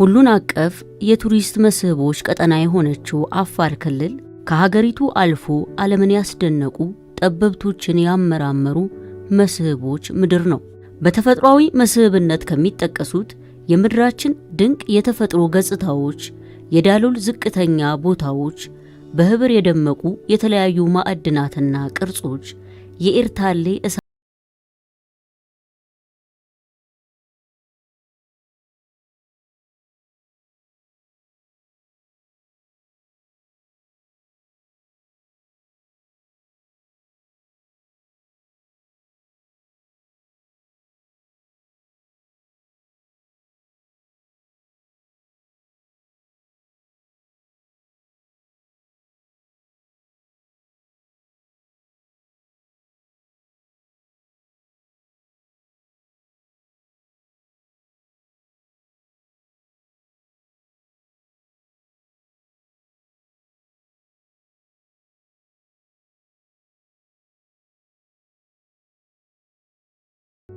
ሁሉን አቀፍ የቱሪስት መስህቦች ቀጠና የሆነችው አፋር ክልል ከሀገሪቱ አልፎ ዓለምን ያስደነቁ ጠበብቶችን ያመራመሩ መስህቦች ምድር ነው። በተፈጥሯዊ መስህብነት ከሚጠቀሱት የምድራችን ድንቅ የተፈጥሮ ገጽታዎች፣ የዳሎል ዝቅተኛ ቦታዎች፣ በህብር የደመቁ የተለያዩ ማዕድናትና ቅርጾች፣ የኤርታሌ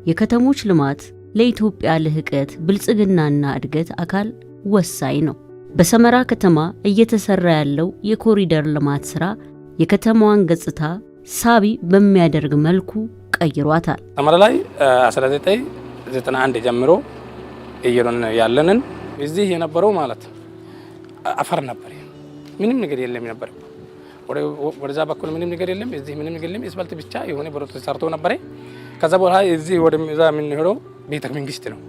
የከተሞች ልማት ለኢትዮጵያ ልህቀት ብልጽግናና እድገት አካል ወሳኝ ነው። በሰመራ ከተማ እየተሰራ ያለው የኮሪደር ልማት ስራ የከተማዋን ገጽታ ሳቢ በሚያደርግ መልኩ ቀይሯታል። ሰመራ ላይ 1991 ጀምሮ እየሮን ያለንን እዚህ የነበረው ማለት አፈር ነበር። ምንም ነገር የለም ነበር። ወደዛ በኩል ምንም ነገር የለም፣ እዚህ ምንም ነገር የለም። ስፋልት ብቻ የሆነ ብረት ሰርቶ ነበረ። ከዛ በኋላ እዚህ ወደዛ የምንሄደው ቤተ መንግስት ነው።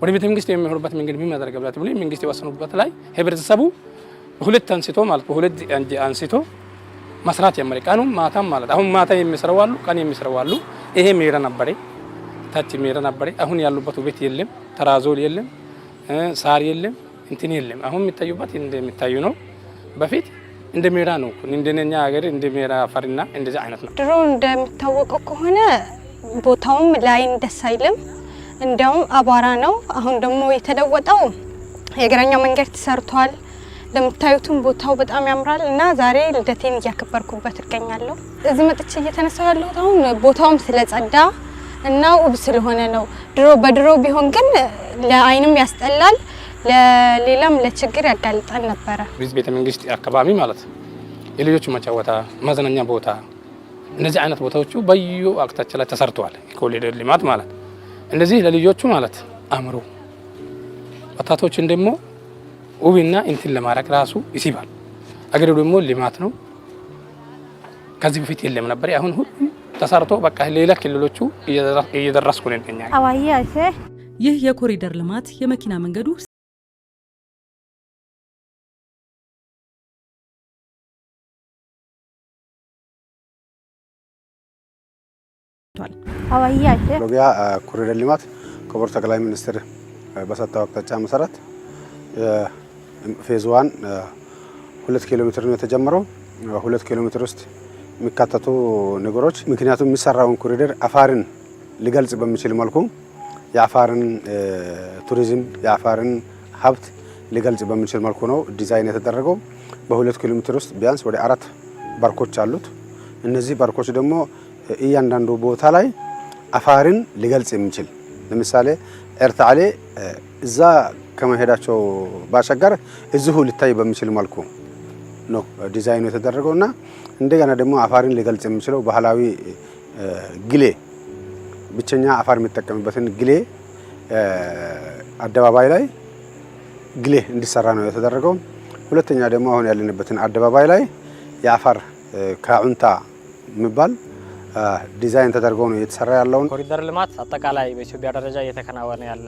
ወደ ቤተ መንግስት የሚሆኑበት መንገድ ምን ማድረግ ብሎ መንግስት የወሰኑበት ላይ ህብረተሰቡ ሁለት አንስቶ ማለት ሁለት አንስቶ መስራት ጀመረ። ቀኑም ማታም ማለት አሁን ማታ የሚሰራው አሉ፣ ቀን የሚሰራው አሉ። ይሄ ሜዳ ነበረ፣ ታች ሜዳ ነበረ። አሁን ያሉበት ቤት የለም፣ ተራዞል የለም፣ ሳር የለም፣ እንትን የለም። አሁን የሚታዩበት እንደሚታዩ ነው። በፊት እንደ ሜዳ ነው። እንደኛ ሀገር እንደ ሜዳ አፈርና እንደዚህ አይነት ነው። ድሮ እንደሚታወቀው ከሆነ ቦታውም ለአይን ደስ አይልም፣ እንዲያውም አቧራ ነው። አሁን ደግሞ የተለወጠው የእግረኛ መንገድ ተሰርቷል። እንደምታዩትም ቦታው በጣም ያምራል እና ዛሬ ልደቴን እያከበርኩበት እገኛለሁ። እዚህ መጥቼ እየተነሳሁ ያለሁት አሁን ቦታውም ስለጸዳ እና ውብ ስለሆነ ነው። ድሮ በድሮ ቢሆን ግን ለአይንም ያስጠላል፣ ለሌላም ለችግር ያጋልጣል ነበረ። ቤተ መንግስት አካባቢ ማለት የልጆች መጫወታ መዝናኛ ቦታ እነዚህ አይነት ቦታዎቹ በዩ አቅጣጫ ላይ ተሰርተዋል። ኮሊደር ልማት ማለት እነዚህ ለልጆቹ ማለት አእምሮ ወጣቶችን ደግሞ ውብና እንትን ለማድረግ ራሱ ይስባል። አገሩ ደግሞ ልማት ነው። ከዚህ በፊት የለም ነበር። አሁን ሁሉም ተሰርቶ በቃ ሌላ ክልሎቹ እየደረስኩ ነኝ። ይህ የኮሪደር ልማት የመኪና መንገዱ ተሰጥቷል። ሎጊያ ኮሪደር ልማት ክቡር ጠቅላይ ሚኒስትር በሰጠው አቅጣጫ መሰረት ፌዝ ዋን ሁለት ኪሎ ሜትር ነው የተጀመረው። ሁለት ኪሎ ሜትር ውስጥ የሚካተቱ ነገሮች ምክንያቱም የሚሰራውን ኮሪደር አፋርን ሊገልጽ በሚችል መልኩ የአፋርን ቱሪዝም የአፋርን ሀብት ሊገልጽ በሚችል መልኩ ነው ዲዛይን የተደረገው። በሁለት ኪሎ ሜትር ውስጥ ቢያንስ ወደ አራት ባርኮች አሉት። እነዚህ ባርኮች ደግሞ እያንዳንዱ ቦታ ላይ አፋርን ሊገልጽ የሚችል ለምሳሌ ኤርታሌ እዛ ከመሄዳቸው ባሻገር እዚሁ ሊታይ በሚችል መልኩ ነው ዲዛይኑ የተደረገው እና እንደገና ደግሞ አፋርን ሊገልጽ የሚችለው ባህላዊ ግሌ ብቸኛ አፋር የሚጠቀምበትን ግሌ አደባባይ ላይ ግሌ እንዲሰራ ነው የተደረገው። ሁለተኛ ደግሞ አሁን ያለንበትን አደባባይ ላይ የአፋር ካዑንታ የሚባል ዲዛይን ተደርጎ ነው እየተሰራ ያለውን ኮሪደር ልማት አጠቃላይ በኢትዮጵያ ደረጃ እየተከናወነ ያለ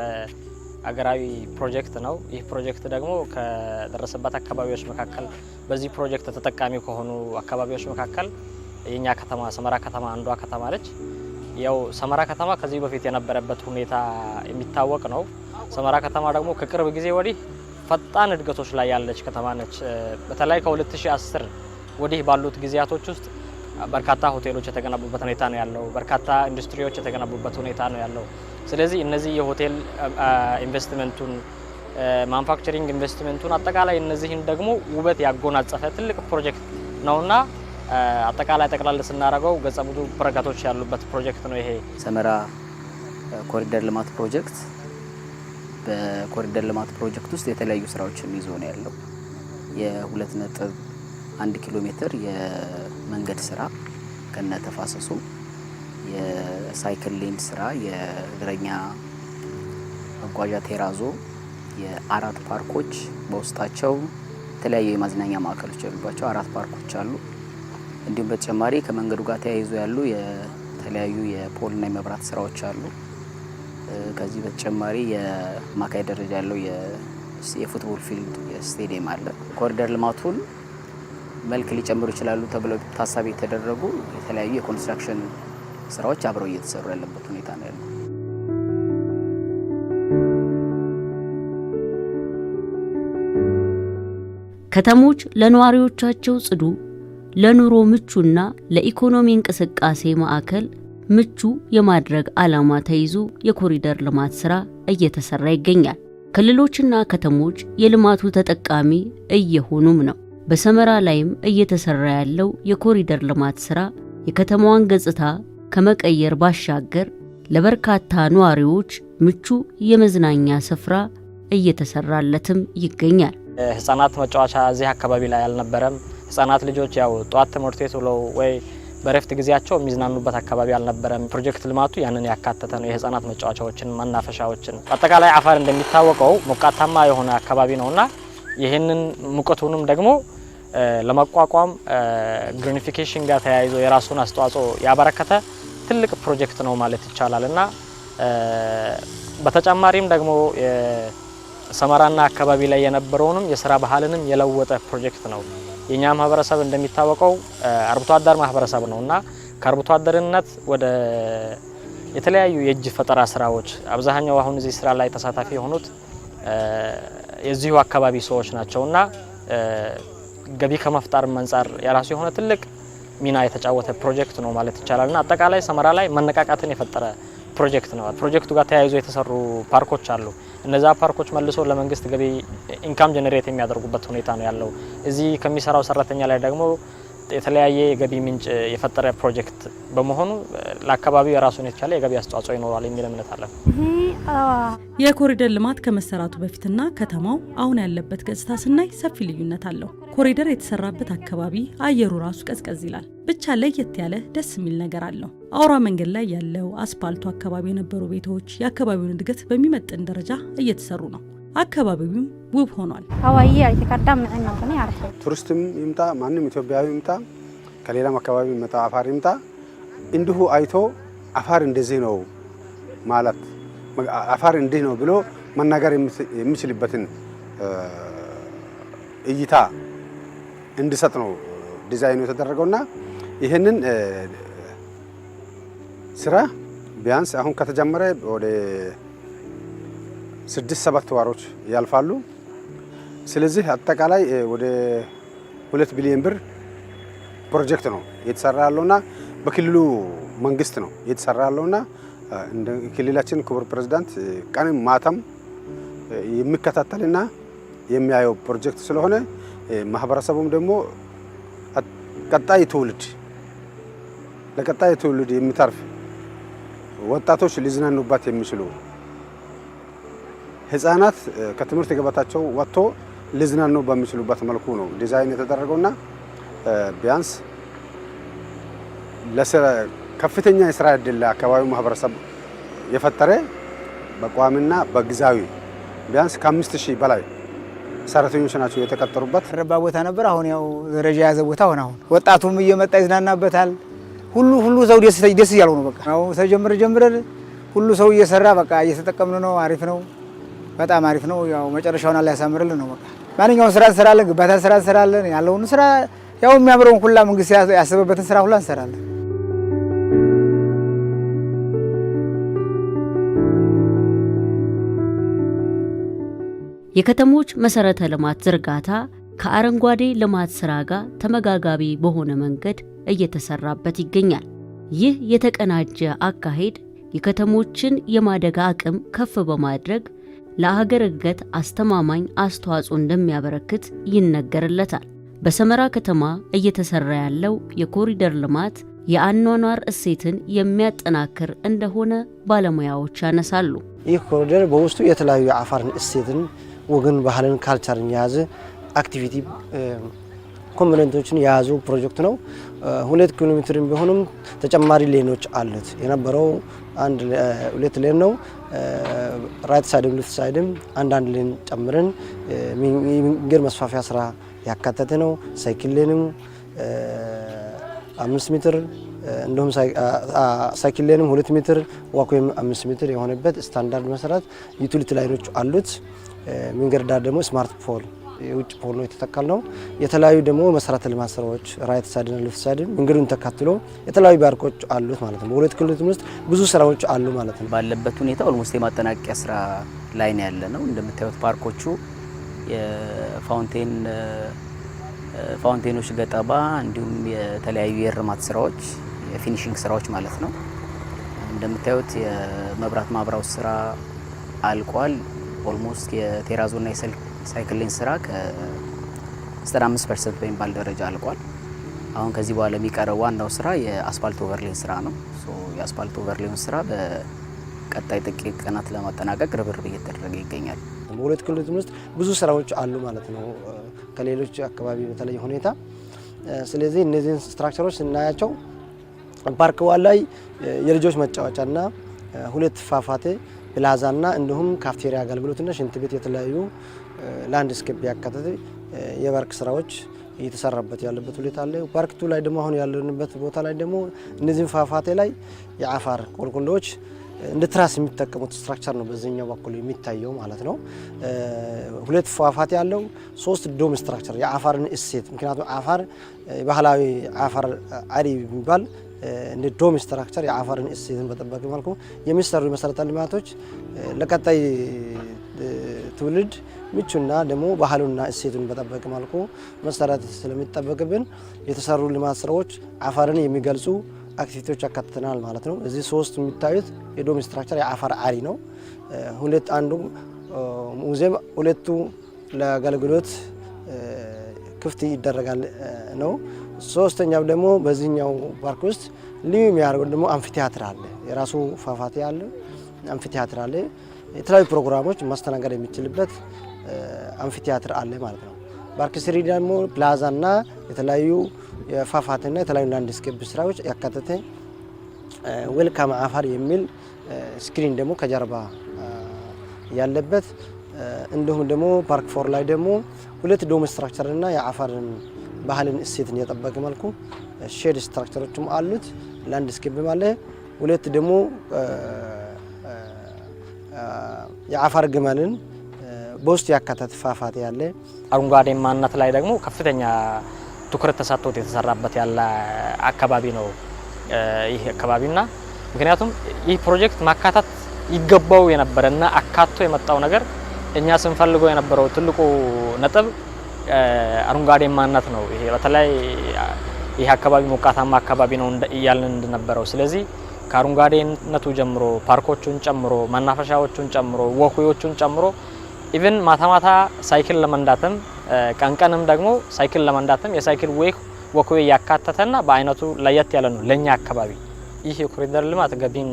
አገራዊ ፕሮጀክት ነው። ይህ ፕሮጀክት ደግሞ ከደረሰባት አካባቢዎች መካከል በዚህ ፕሮጀክት ተጠቃሚ ከሆኑ አካባቢዎች መካከል የኛ ከተማ ሰመራ ከተማ አንዷ ከተማ ነች። ያው ሰመራ ከተማ ከዚህ በፊት የነበረበት ሁኔታ የሚታወቅ ነው። ሰመራ ከተማ ደግሞ ከቅርብ ጊዜ ወዲህ ፈጣን እድገቶች ላይ ያለች ከተማ ነች። በተለይ ከ2010 ወዲህ ባሉት ጊዜያቶች ውስጥ በርካታ ሆቴሎች የተገነቡበት ሁኔታ ነው ያለው። በርካታ ኢንዱስትሪዎች የተገነቡበት ሁኔታ ነው ያለው። ስለዚህ እነዚህ የሆቴል ኢንቨስትመንቱን፣ ማኑፋክቸሪንግ ኢንቨስትመንቱን አጠቃላይ እነዚህን ደግሞ ውበት ያጎናጸፈ ትልቅ ፕሮጀክት ነውና አጠቃላይ ጠቅላላ ስናደርገው ገጸ ብዙ በረከቶች ያሉበት ፕሮጀክት ነው ይሄ ሰመራ ኮሪደር ልማት ፕሮጀክት። በኮሪደር ልማት ፕሮጀክት ውስጥ የተለያዩ ስራዎችን ይዞ ነው ያለው የ2.1 ኪሎ ሜትር የመንገድ ስራ ከነተፋሰሱ የሳይክል ሌን ስራ፣ የእግረኛ መጓዣ ቴራዞ፣ የአራት ፓርኮች በውስጣቸው የተለያዩ የማዝናኛ ማዕከሎች ያሉባቸው አራት ፓርኮች አሉ። እንዲሁም በተጨማሪ ከመንገዱ ጋር ተያይዞ ያሉ የተለያዩ የፖልና የመብራት ስራዎች አሉ። ከዚህ በተጨማሪ የማካይ ደረጃ ያለው የፉትቦል ፊልድ ስቴዲየም አለ። ኮሪደር ልማቱን መልክ ሊጨምሩ ይችላሉ ተብለው ታሳቢ የተደረጉ የተለያዩ የኮንስትራክሽን ስራዎች አብረው እየተሰሩ ያለበት ሁኔታ ነው ያለው። ከተሞች ለነዋሪዎቻቸው ጽዱ፣ ለኑሮ ምቹና ለኢኮኖሚ እንቅስቃሴ ማዕከል ምቹ የማድረግ ዓላማ ተይዞ የኮሪደር ልማት ሥራ እየተሰራ ይገኛል። ክልሎችና ከተሞች የልማቱ ተጠቃሚ እየሆኑም ነው። በሰመራ ላይም እየተሰራ ያለው የኮሪደር ልማት ስራ የከተማዋን ገጽታ ከመቀየር ባሻገር ለበርካታ ነዋሪዎች ምቹ የመዝናኛ ስፍራ እየተሰራለትም ይገኛል። ህጻናት መጫወቻ እዚህ አካባቢ ላይ አልነበረም። ህጻናት ልጆች ያው ጠዋት ትምህርት ቤት ብለው ወይ በረፍት ጊዜያቸው የሚዝናኑበት አካባቢ አልነበረም። ፕሮጀክት ልማቱ ያንን ያካተተ ነው። የህጻናት መጫወቻዎችን፣ መናፈሻዎችን አጠቃላይ አፋር እንደሚታወቀው ሞቃታማ የሆነ አካባቢ ነውና ይህንን ሙቀቱንም ደግሞ ለማቋቋም ግሪኒፊኬሽን ጋር ተያይዞ የራሱን አስተዋጽኦ ያበረከተ ትልቅ ፕሮጀክት ነው ማለት ይቻላል እና በተጨማሪም ደግሞ ሰመራና አካባቢ ላይ የነበረውንም የስራ ባህልንም የለወጠ ፕሮጀክት ነው። የእኛ ማህበረሰብ እንደሚታወቀው አርብቶ አደር ማህበረሰብ ነው እና ከአርብቶ አደርነት ወደ የተለያዩ የእጅ ፈጠራ ስራዎች አብዛኛው አሁን እዚህ ስራ ላይ ተሳታፊ የሆኑት የዚሁ አካባቢ ሰዎች ናቸው እና ገቢ ከመፍጠር አንጻር የራሱ የሆነ ትልቅ ሚና የተጫወተ ፕሮጀክት ነው ማለት ይቻላል እና አጠቃላይ ሰመራ ላይ መነቃቃትን የፈጠረ ፕሮጀክት ነው። ፕሮጀክቱ ጋር ተያይዞ የተሰሩ ፓርኮች አሉ። እነዛ ፓርኮች መልሶ ለመንግስት ገቢ ኢንካም ጀነሬት የሚያደርጉበት ሁኔታ ነው ያለው። እዚህ ከሚሰራው ሰራተኛ ላይ ደግሞ የተለያየ የገቢ ምንጭ የፈጠረ ፕሮጀክት በመሆኑ ለአካባቢው የራሱን የቻለ የገቢ አስተዋጽኦ ይኖረዋል የሚል እምነት አለን። የኮሪደር ልማት ከመሰራቱ በፊትና ከተማው አሁን ያለበት ገጽታ ስናይ ሰፊ ልዩነት አለው። ኮሪደር የተሰራበት አካባቢ አየሩ ራሱ ቀዝቀዝ ይላል። ብቻ ለየት ያለ ደስ የሚል ነገር አለው። አውራ መንገድ ላይ ያለው አስፓልቱ አካባቢ የነበሩ ቤቶች የአካባቢውን እድገት በሚመጥን ደረጃ እየተሰሩ ነው። አካባቢውም ውብ ሆኗል። ቱሪስትም ይምጣ ማንም ኢትዮጵያዊ ይምጣ፣ ከሌላም አካባቢ ይመጣ፣ አፋር ይምጣ፣ እንዲሁ አይቶ አፋር እንደዚህ ነው ማለት አፋር እንዲህ ነው ብሎ መናገር የሚችልበትን እይታ እንዲሰጥ ነው ዲዛይኑ የተደረገውና ይህንን ስራ ቢያንስ አሁን ከተጀመረ ወደ ስድስት ሰባት ተዋሮች ያልፋሉ። ስለዚህ አጠቃላይ ወደ ሁለት ቢሊዮን ብር ፕሮጀክት ነው እየተሰራ ያለውና በክልሉ መንግስት ነው እየተሰራ ያለውና ክልላችን ክቡር ፕሬዚዳንት ቀንም ማታም የሚከታተልና የሚያየው ፕሮጀክት ስለሆነ ማህበረሰቡም ደግሞ ቀጣይ ትውልድ ለቀጣይ ትውልድ የሚተርፍ ወጣቶች ሊዝናኑባት የሚችሉ ህጻናት ከትምህርት ገበታቸው ወጥቶ ሊዝናኑ በሚችሉበት መልኩ ነው ዲዛይን የተደረገውና ቢያንስ ከፍተኛ የስራ እድል ለአካባቢው ማህበረሰብ የፈጠረ በቋሚና በጊዜያዊ ቢያንስ ከአምስት ሺህ በላይ ሰራተኞች ናቸው የተቀጠሩበት። ረባ ቦታ ነበር። አሁን ያው ደረጃ የያዘ ቦታ ሆነ። አሁን ወጣቱም እየመጣ ይዝናናበታል። ሁሉ ሁሉ ሰው ደስ እያለው ነው። በቃ ተጀምረ ጀምረን ሁሉ ሰው እየሰራ በቃ እየተጠቀምን ነው። አሪፍ ነው። በጣም አሪፍ ነው። ያው መጨረሻውን አላህ ያሳምርልን ነው። በቃ ማንኛውን ስራ እንሰራለን፣ ግንባታ ስራ እንሰራለን። ያለውን ስራ ያው የሚያምረውን ሁላ መንግስት ያስበበትን ስራ ሁላ እንሰራለን። የከተሞች መሰረተ ልማት ዝርጋታ ከአረንጓዴ ልማት ስራ ጋር ተመጋጋቢ በሆነ መንገድ እየተሰራበት ይገኛል። ይህ የተቀናጀ አካሄድ የከተሞችን የማደግ አቅም ከፍ በማድረግ ለአገር እድገት አስተማማኝ አስተዋጽኦ እንደሚያበረክት ይነገርለታል። በሰመራ ከተማ እየተሰራ ያለው የኮሪደር ልማት የአኗኗር እሴትን የሚያጠናክር እንደሆነ ባለሙያዎች ያነሳሉ። ይህ ኮሪደር በውስጡ የተለያዩ የአፋርን እሴትን፣ ወግን፣ ባህልን፣ ካልቸርን የያዘ አክቲቪቲ ኮምፖነንቶችን የያዙ ፕሮጀክት ነው። ሁለት ኪሎ ሜትር ቢሆንም ተጨማሪ ሌኖች አሉት። የነበረው አንድ ሁለት ሌን ነው። ራይት ሳይድም ልፍት ሳይድም አንዳንድ ሌን ጨምረን የመንገድ መስፋፊያ ስራ ያካተተ ነው። ሳይክል ሌንም አምስት ሜትር እንዲሁም ሳይክል ሌንም ሁለት ሜትር ዋክ ወይም አምስት ሜትር የሆነበት ስታንዳርድ መሰረት ዩቲሊቲ ላይኖች አሉት። መንገድ ዳር ደግሞ ስማርት ፖል የውጭ ፖሎ የተተካል ነው። የተለያዩ ደግሞ መሰረተ ልማት ስራዎች ራያ ተሳድና ልፍ ተሳድን መንገዱን ተካትሎ የተለያዩ ባርኮች አሉት ማለት ነው። በሁለት ክልሎች ውስጥ ብዙ ስራዎች አሉ ማለት ነው። ባለበት ሁኔታ ኦልሞስት የማጠናቀቂያ ስራ ላይ ነው ያለ ነው። እንደምታዩት ፓርኮቹ የፋውንቴን ፋውንቴኖች ገጠባ፣ እንዲሁም የተለያዩ የእርማት ስራዎች የፊኒሽንግ ስራዎች ማለት ነው። እንደምታዩት የመብራት ማብራት ስራ አልቋል። ኦልሞስት የቴራዞና የሰልክ ሳይክል ስራ ከ95 ፐርሰንት በሚባል ደረጃ አልቋል። አሁን ከዚህ በኋላ የሚቀረው ዋናው ስራ የአስፋልት ኦቨርሌን ስራ ነው። የአስፋልት ኦቨርሌውን ስራ በቀጣይ ጥቂት ቀናት ለማጠናቀቅ ርብርብ እየተደረገ ይገኛል። በሁለት ክልሎች ውስጥ ብዙ ስራዎች አሉ ማለት ነው ከሌሎች አካባቢ በተለየ ሁኔታ። ስለዚህ እነዚህን ስትራክቸሮች ስናያቸው ፓርክ ዋን ላይ የልጆች መጫወቻና ሁለት ፏፏቴ ፕላዛና እንዲሁም ካፍቴሪያ አገልግሎትና ሽንት ቤት የተለያዩ ላንድስኬፕ ያካተተ የፓርክ ስራዎች እየተሰራበት ያለበት ሁኔታ አለ። ፓርክ ቱ ላይ ደግሞ አሁን ያለንበት ቦታ ላይ ደግሞ እነዚህም ፏፏቴ ላይ የአፋር ቆልቆሎዎች እንደ ትራስ የሚጠቀሙት ስትራክቸር ነው በዚህኛው በኩል የሚታየው ማለት ነው። ሁለት ፏፏቴ ያለው ሶስት ዶም ስትራክቸር የአፋርን እሴት ምክንያቱም አፋር ባህላዊ አፋር አሪ የሚባል እንደ ዶም ስትራክቸር የአፋርን እሴትን በጠበቀ መልኩ የሚሰሩ መሰረተ ልማቶች ለቀጣይ ትውልድ ምቹና ደግሞ ባህሉና እሴቱን በጠበቀ መልኩ መሰራት ስለሚጠበቅብን የተሰሩ ልማት ስራዎች አፋርን የሚገልጹ አክቲቪቲዎች ያካትተናል ማለት ነው። እዚህ ሶስት የሚታዩት የዶም ስትራክቸር የአፋር አሪ ነው። ሁለት አንዱ ሙዚየም ሁለቱ ለአገልግሎት ክፍት ይደረጋል ነው። ሶስተኛው ደግሞ በዚህኛው ፓርክ ውስጥ ልዩ የሚያደርገው ደግሞ አምፊቲያትር አለ። የራሱ ፏፏቴ አለ፣ አምፊቲያትር አለ። የተለያዩ ፕሮግራሞች ማስተናገድ የሚችልበት አምፊቲያትር አለ ማለት ነው። ፓርክ ስሪ ደግሞ ፕላዛና የተለያዩ ፏፏቴና የተለያዩ ላንድስኬፕ ስራዎች ያካተተ ዌልካም አፋር የሚል ስክሪን ደግሞ ከጀርባ ያለበት እንዲሁም ደግሞ ፓርክ ፎር ላይ ደግሞ ሁለት ዶም ስትራክቸርና የአፋርን ባህልን እሴትን የጠበቀ መልኩ ሼድ ስትራክቸሮችም አሉት። ላንድስኬፕ አለ። ሁለት ደግሞ የአፋር ግመልን በውስጥ ያካተተ ፏፏቴ ያለ አረንጓዴማነት ላይ ደግሞ ከፍተኛ ትኩረት ተሰጥቶት የተሰራበት ያለ አካባቢ ነው ይህ አካባቢና ምክንያቱም ይህ ፕሮጀክት ማካታት ይገባው የነበረና አካቶ የመጣው ነገር እኛ ስንፈልገው የነበረው ትልቁ ነጥብ አረንጓዴማነት ነው። ይሄ በተለይ ይህ አካባቢ ሞቃታማ አካባቢ ነው እያልን እንደነበረው ስለዚህ ከአረንጓዴነቱ ጀምሮ ፓርኮቹን ጨምሮ መናፈሻዎቹን ጨምሮ ወኩዮቹን ጨምሮ ኢቭን ማታ ማታ ሳይክል ለመንዳትም ቀንቀንም ደግሞ ሳይክል ለመንዳትም የሳይክል ዌይ ወክዌይ ያካተተና በአይነቱ ለየት ያለ ነው ለኛ አካባቢ። ይህ የኮሪደር ልማት ገቢን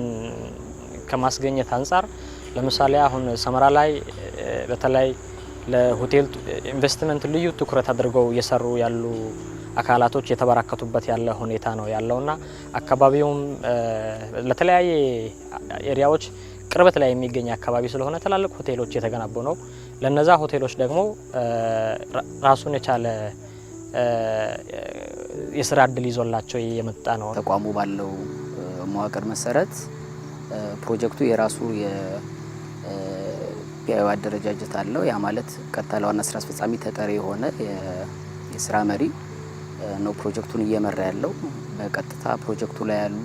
ከማስገኘት አንጻር ለምሳሌ አሁን ሰመራ ላይ በተለይ ለሆቴል ኢንቨስትመንት ልዩ ትኩረት አድርገው እየሰሩ ያሉ አካላቶች የተበራከቱበት ያለ ሁኔታ ነው ያለውና አካባቢውም ለተለያየ ኤሪያዎች ቅርበት ላይ የሚገኝ አካባቢ ስለሆነ ትላልቅ ሆቴሎች የተገነቡ ነው። ለነዛ ሆቴሎች ደግሞ ራሱን የቻለ የስራ እድል ይዞላቸው የመጣ ነው። ተቋሙ ባለው መዋቅር መሰረት ፕሮጀክቱ የራሱ የፒአይኦ አደረጃጀት አለው። ያ ማለት ቀጥታ ለዋና ስራ አስፈጻሚ ተጠሪ የሆነ የስራ መሪ ነው ፕሮጀክቱን እየመራ ያለው። በቀጥታ ፕሮጀክቱ ላይ ያሉ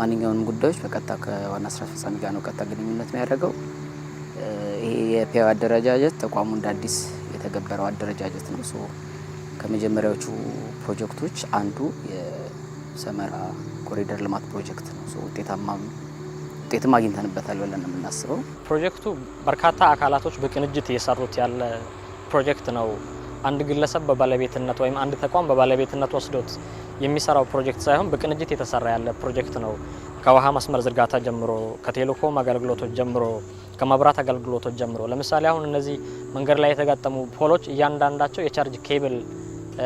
ማንኛውንም ጉዳዮች በቀጥታ ከዋና ስራ አስፈጻሚ ጋር ነው ቀጥታ ግንኙነት የሚያደርገው። ይሄ የፔዮ አደረጃጀት ተቋሙ እንደ አዲስ የተገበረው አደረጃጀት ነው። ሶ ከመጀመሪያዎቹ ፕሮጀክቶች አንዱ የሰመራ ኮሪደር ልማት ፕሮጀክት ነው። ሶ ውጤታማ ውጤትም አግኝተንበታል ብለን ነው የምናስበው። ፕሮጀክቱ በርካታ አካላቶች በቅንጅት እየሰሩት ያለ ፕሮጀክት ነው። አንድ ግለሰብ በባለቤትነት ወይም አንድ ተቋም በባለቤትነት ወስዶት የሚሰራው ፕሮጀክት ሳይሆን በቅንጅት የተሰራ ያለ ፕሮጀክት ነው። ከውሃ መስመር ዝርጋታ ጀምሮ፣ ከቴሌኮም አገልግሎቶች ጀምሮ፣ ከመብራት አገልግሎቶች ጀምሮ ለምሳሌ አሁን እነዚህ መንገድ ላይ የተጋጠሙ ፖሎች እያንዳንዳቸው የቻርጅ ኬብል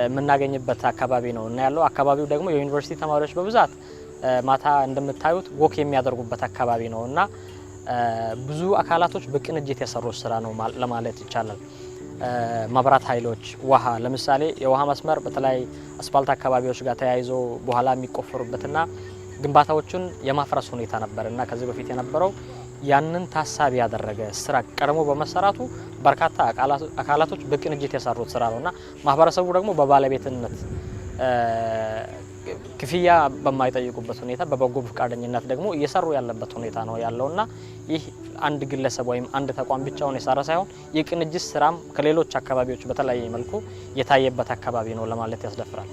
የምናገኝበት አካባቢ ነው እና ያለው አካባቢው ደግሞ የዩኒቨርሲቲ ተማሪዎች በብዛት ማታ እንደምታዩት ወክ የሚያደርጉበት አካባቢ ነው እና ብዙ አካላቶች በቅንጅት የሰሩት ስራ ነው ለማለት ይቻላል። መብራት ኃይሎች፣ ውሃ ለምሳሌ የውሃ መስመር በተለያዩ አስፋልት አካባቢዎች ጋር ተያይዞ በኋላ የሚቆፈሩበትና ግንባታዎቹን የማፍረስ ሁኔታ ነበር እና ከዚህ በፊት የነበረው ያንን ታሳቢ ያደረገ ስራ ቀድሞ በመሰራቱ በርካታ አካላቶች በቅንጅት የሰሩት ስራ ነው እና ማህበረሰቡ ደግሞ በባለቤትነት ክፍያ በማይጠይቁበት ሁኔታ በበጎ ፈቃደኝነት ደግሞ እየሰሩ ያለበት ሁኔታ ነው ያለውና ይህ አንድ ግለሰብ ወይም አንድ ተቋም ብቻውን የሰራ ሳይሆን የቅንጅት ስራም ከሌሎች አካባቢዎች በተለያየ መልኩ የታየበት አካባቢ ነው ለማለት ያስደፍራል።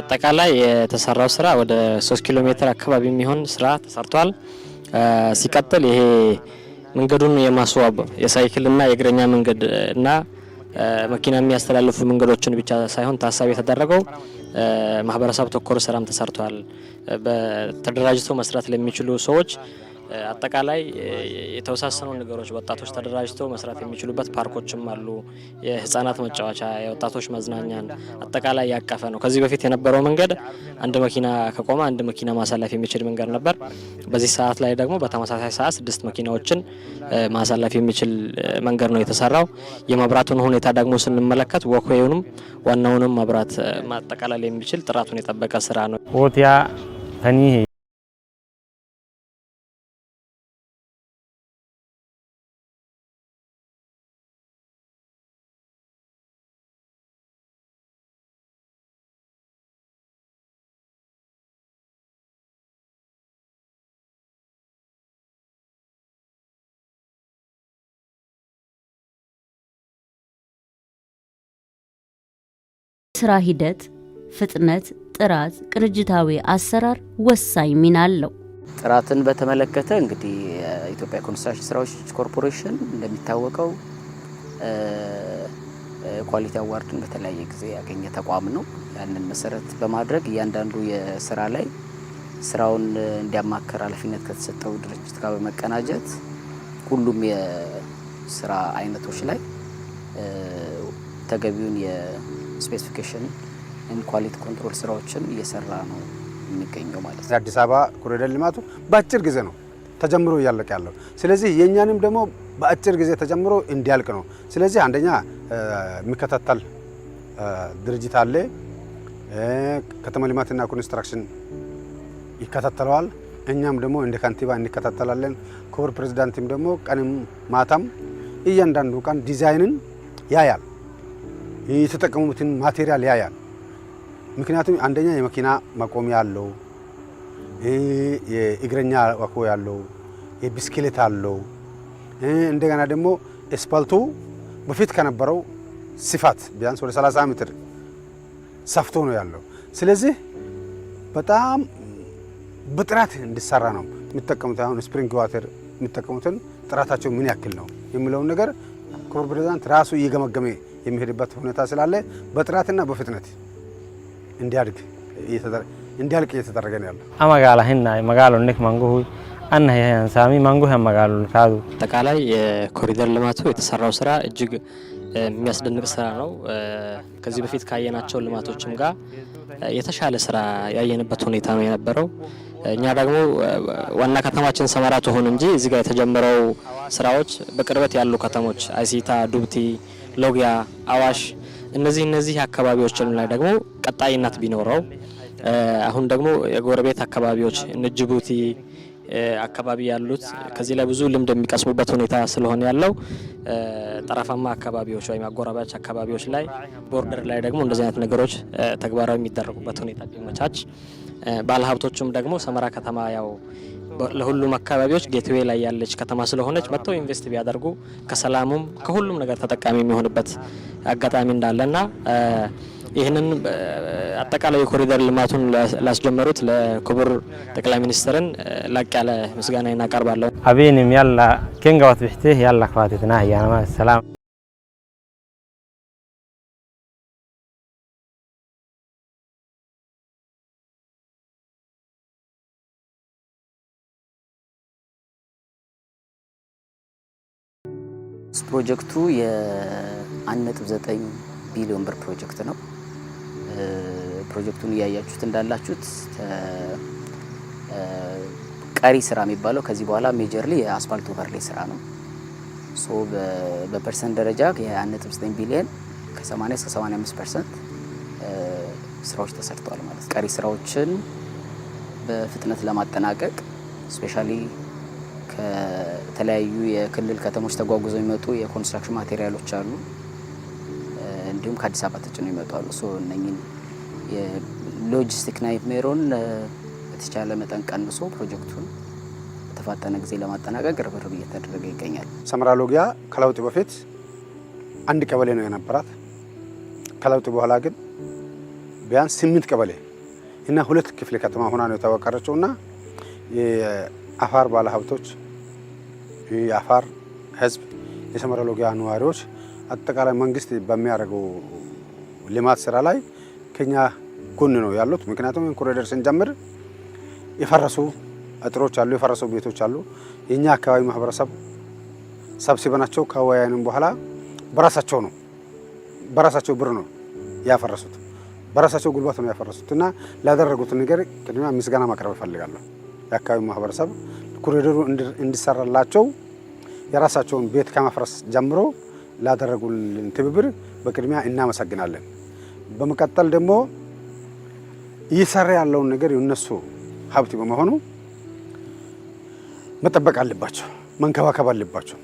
አጠቃላይ የተሰራው ስራ ወደ 3 ኪሎ ሜትር አካባቢ የሚሆን ስራ ተሰርቷል። ሲቀጥል ይሄ መንገዱን የማስዋብ የሳይክልና የእግረኛ መንገድ እና መኪና የሚያስተላልፉ መንገዶችን ብቻ ሳይሆን ታሳቢ የተደረገው ማህበረሰብ ተኮር ስራም ተሰርቷል። በተደራጅቶ መስራት ለሚችሉ ሰዎች አጠቃላይ የተወሳሰኑ ነገሮች ወጣቶች ተደራጅተው መስራት የሚችሉበት ፓርኮችም አሉ። የህጻናት መጫወቻ፣ የወጣቶች መዝናኛን አጠቃላይ ያቀፈ ነው። ከዚህ በፊት የነበረው መንገድ አንድ መኪና ከቆመ አንድ መኪና ማሳለፍ የሚችል መንገድ ነበር። በዚህ ሰዓት ላይ ደግሞ በተመሳሳይ ሰዓት ስድስት መኪናዎችን ማሳለፍ የሚችል መንገድ ነው የተሰራው። የመብራቱን ሁኔታ ደግሞ ስንመለከት ወክዌውንም ዋናውንም መብራት ማጠቃለል የሚችል ጥራቱን የጠበቀ ስራ ነው። ተኒሄ ስራ ሂደት፣ ፍጥነት፣ ጥራት፣ ቅንጅታዊ አሰራር ወሳኝ ሚና አለው። ጥራትን በተመለከተ እንግዲህ የኢትዮጵያ ኮንስትራክሽን ስራዎች ኮርፖሬሽን እንደሚታወቀው ኳሊቲ አዋርድን በተለያየ ጊዜ ያገኘ ተቋም ነው። ያንን መሰረት በማድረግ እያንዳንዱ የስራ ላይ ስራውን እንዲያማከር ኃላፊነት ከተሰጠው ድርጅት ጋር በመቀናጀት ሁሉም የስራ አይነቶች ላይ ተገቢውን ስፔሲፊኬሽን ኳሊቲ ኮንትሮል ስራዎችን እየሰራ ነው የሚገኘው ማለት ነው። አዲስ አበባ ኮሪደር ልማቱ በአጭር ጊዜ ነው ተጀምሮ እያለቀ ያለው። ስለዚህ የእኛንም ደግሞ በአጭር ጊዜ ተጀምሮ እንዲያልቅ ነው። ስለዚህ አንደኛ የሚከታተል ድርጅት አለ። ከተማ ልማትና ኮንስትራክሽን ይከታተለዋል። እኛም ደግሞ እንደ ከንቲባ እንከታተላለን። ክቡር ፕሬዚዳንትም ደግሞ ቀንም ማታም እያንዳንዱ ቀን ዲዛይንን ያያል። የተጠቀሙትን ማቴሪያል ያያል። ምክንያቱም አንደኛ የመኪና ማቆሚያ አለው፣ የእግረኛ ዋኮ ያለው፣ የብስክሌት አለው። እንደገና ደግሞ ስፓልቱ በፊት ከነበረው ስፋት ቢያንስ ወደ 30 ሜትር ሰፍቶ ነው ያለው። ስለዚህ በጣም በጥራት እንዲሰራ ነው የሚጠቀሙት። አሁን ስፕሪንግ ዋተር የሚጠቀሙትን ጥራታቸው ምን ያክል ነው የሚለውን ነገር ክቡር ፕሬዚዳንት ራሱ እየገመገመ የሚሄድበት ሁኔታ ስላለ በጥራትና በፍጥነት እንዲያድግ እንዲያልቅ እየተደረገ ነው ያለው። አመጋላ ህና መጋሎ ንክ መንጉሁ አና ሳሚ መንጉህ አመጋሉ ካዱ አጠቃላይ የኮሪደር ልማቱ የተሰራው ስራ እጅግ የሚያስደንቅ ስራ ነው። ከዚህ በፊት ካየናቸው ልማቶችም ጋር የተሻለ ስራ ያየንበት ሁኔታ ነው የነበረው። እኛ ደግሞ ዋና ከተማችን ሰመራ ትሆን እንጂ እዚህ ጋር የተጀመረው ስራዎች በቅርበት ያሉ ከተሞች አይሲታ፣ ዱብቲ ሎጊያ፣ አዋሽ እነዚህ እነዚህ አካባቢዎችም ላይ ደግሞ ቀጣይነት ቢኖረው አሁን ደግሞ የጎረቤት አካባቢዎች ጅቡቲ አካባቢ ያሉት ከዚህ ላይ ብዙ ልምድ የሚቀስሙበት ሁኔታ ስለሆነ ያለው ጠረፋማ አካባቢዎች ወይም አጎራባች አካባቢዎች ላይ ቦርደር ላይ ደግሞ እንደዚህ አይነት ነገሮች ተግባራዊ የሚደረጉበት ሁኔታ ቢመቻች ባለሀብቶቹም ደግሞ ሰመራ ከተማ ያው ለሁሉም አካባቢዎች ጌትዌ ላይ ያለች ከተማ ስለሆነች መጥተው ኢንቨስት ቢያደርጉ ከሰላሙም ከሁሉም ነገር ተጠቃሚ የሚሆንበት አጋጣሚ እንዳለና ይህንን አጠቃላይ የኮሪደር ልማቱን ላስጀመሩት ለክቡር ጠቅላይ ሚኒስትርን ላቅ ያለ ምስጋና ይናቀርባለሁ። አቤንም ያላ ኬንጋዋት ብሕቴ ያላ ክፋቴትና ያናማ ሰላም ፕሮጀክቱ የ1.9 ቢሊዮን ብር ፕሮጀክት ነው። ፕሮጀክቱን እያያችሁት እንዳላችሁት ቀሪ ስራ የሚባለው ከዚህ በኋላ ሜጀርሊ የአስፋልት ኦቨርሌይ ስራ ነው። ሶ በፐርሰንት ደረጃ የ1.9 ቢሊዮን ከ80 እስከ 85 ፐርሰንት ስራዎች ተሰርተዋል ማለት ነው። ቀሪ ስራዎችን በፍጥነት ለማጠናቀቅ ስፔሻሊ ከተለያዩ የክልል ከተሞች ተጓጉዘው የሚመጡ የኮንስትራክሽን ማቴሪያሎች አሉ። እንዲሁም ከአዲስ አበባ ተጭነው ይመጡ አሉ። እነኝን የሎጂስቲክ ናይትሜሮን በተቻለ መጠን ቀንሶ ፕሮጀክቱን በተፋጠነ ጊዜ ለማጠናቀቅ ርብርብ እየተደረገ ይገኛል። ሰመራ ሎጊያ ከለውጥ በፊት አንድ ቀበሌ ነው የነበራት። ከለውጥ በኋላ ግን ቢያንስ ስምንት ቀበሌ እና ሁለት ክፍለ ከተማ ሆና ነው የተዋቀረችው እና የአፋር ባለሀብቶች የአፋር ህዝብ፣ የሰመራ ሎጊያ ነዋሪዎች፣ አጠቃላይ መንግስት በሚያደርገው ልማት ስራ ላይ ከኛ ጎን ነው ያሉት። ምክንያቱም ኮሪደር ስንጀምር የፈረሱ አጥሮች አሉ፣ የፈረሱ ቤቶች አሉ። የእኛ አካባቢ ማህበረሰብ ሰብስበናቸው ካወያየንም በኋላ በራሳቸው ነው በራሳቸው ብር ነው ያፈረሱት፣ በራሳቸው ጉልበት ነው ያፈረሱት እና ላደረጉት ነገር ቅድሚያ ምስጋና ማቅረብ እፈልጋለሁ። የአካባቢ ማህበረሰብ ኮሪደሩ እንዲሰራላቸው የራሳቸውን ቤት ከማፍረስ ጀምሮ ላደረጉልን ትብብር በቅድሚያ እናመሰግናለን። በመቀጠል ደግሞ እየሰራ ያለውን ነገር የነሱ ሀብት በመሆኑ መጠበቅ አለባቸው፣ መንከባከብ አለባቸው።